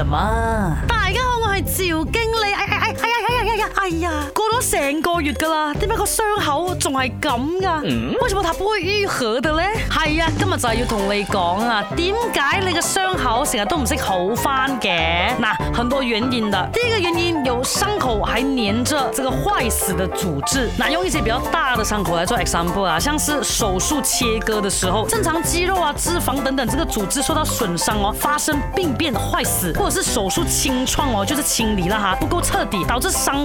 什麼，大家好，我是趙經理。哎呀，過咗成個月噶啦，點解個傷口仲係咁噶？嗯，為什麼它不會愈合的呢？係啊，今日就係要同你講啊，點解你個傷口成日都唔識好翻嘅？嗱、啊，很多原因的。第一個原因，有傷口還粘着這個壞死的組織。嗱、啊，用一些比較大的傷口來做 example 啊，像是手術切割的時候，正常肌肉啊、脂肪等等，這個組織受到損傷哦，發生病變的壞死，或者是手術清創哦，就是清理啦哈，不夠徹底，導致傷。